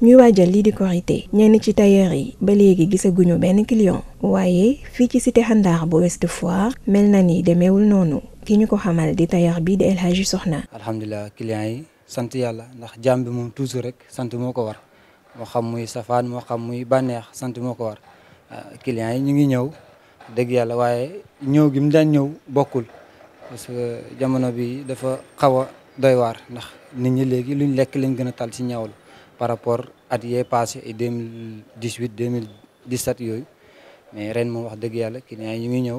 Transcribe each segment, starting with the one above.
ñuy waajal lii di korité ñenn ci tailleur yi ba léegi gisaguñu benn client waaye fii ci cité xandaar bu Ouest Foire mel na ni demewul noonu ki ñu ko xamal di tailleur bii di El Soxna. alhamdulilah client yi sant yàlla ndax jàmm bi moom toujours rek sant moo ko war moo xam muy safaan moo xam muy bànneex sant moo ko war ah, client yi ñu ngi ñëw dëgg yàlla waaye ñëw gi mu daan ñëw bokkul. parce que jamono bi dafa xaw a doy waar ndax nit ñi léegi luñ lekk lañ gën a tal ci ñaawlu par rapport at yee passé ay deux mille mille dix sept yooyu mais ren moom wax dëgg yàlla client yi ñu ngi ñëw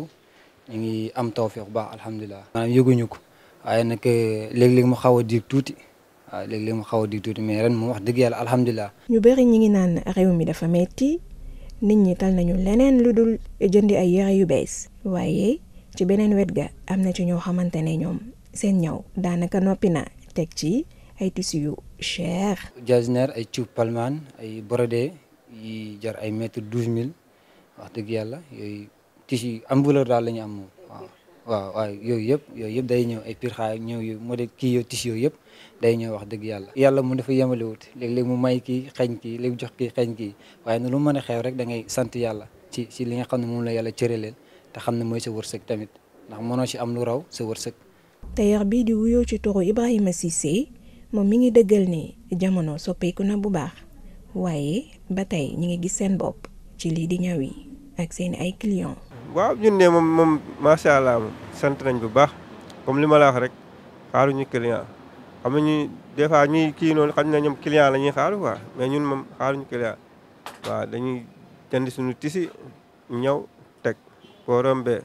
ñu ngi am tawfeex bu baax alhamdulilah. maanaam yëguñu ko waaye nag euh, léeg-léeg mu xaw a diig tuuti. waaw léeg-léeg mu xaw a di tuuti mais ren mu wax dëgg yàlla alhamdulilah. ñu bëri ñi ngi naan réew mi dafa metti nit ñi tal nañu leneen lu dul jëndi ay yére yu bees waaye ci beneen wet ga am na ci ñoo xamante ne ñoom seen ñaw daanaka noppi na teg ci ay tissu yu cher. jasner ay cuub palmaan ay brodé yi jar ay mètre douze mille wax dëgg yàlla yooyu tissu am valeur daal la am moom waaw waaw yooyu yëpp yooyu yëpp day ñëw ay pir xaay ñëw yu moo kii yooyu tissu yooyu yëpp day ñëw wax dëgg yàlla yàlla mu dafa yemale wut léeg mu may kii xeñ kii léegi jox kii xeñ kii waaye ne lu mën a xew rek dangay sant yàlla ci ci li nga xam ne moom la yàlla cëraleel te xam ne mooy sa wërsëg tamit ndax mënoo ci am lu raw sa wërsëg. tailleur bii di wuyoo ci turu Ibrahima Cissé moom mi ngi dëggal ni jamono soppeeku na bu baax waaye ba tey ñi ngi gis seen bopp ci lii di ñaw yi ak seen ay clients. waaw ñun de moom moom macha allah moom sant nañ bu baax comme li ma la wax rek xaaruñu client xam nañu des fois ñuy kii noonu xam na ñoom client la ñuy xaaru quoi mais ñun moom xaaruñu client waaw dañuy jënd suñu tisi ñaw. boo rombee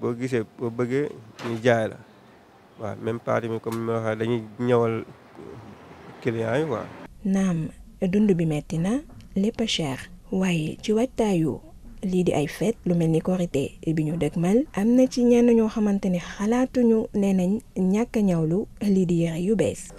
boo gisee boo bëggee ñu jaay la waaw même mi comme ni waxee dañuy ñëwal client yi naam dund bi metti na lépp a cher waaye ci waajtaayu lii di ay fête lu mel ni korité bi ñu dëgmal am na ci ñenn ñoo xamante ni xalaatuñu nee nañ ñàkk a ñawlu lii di yére yu bees.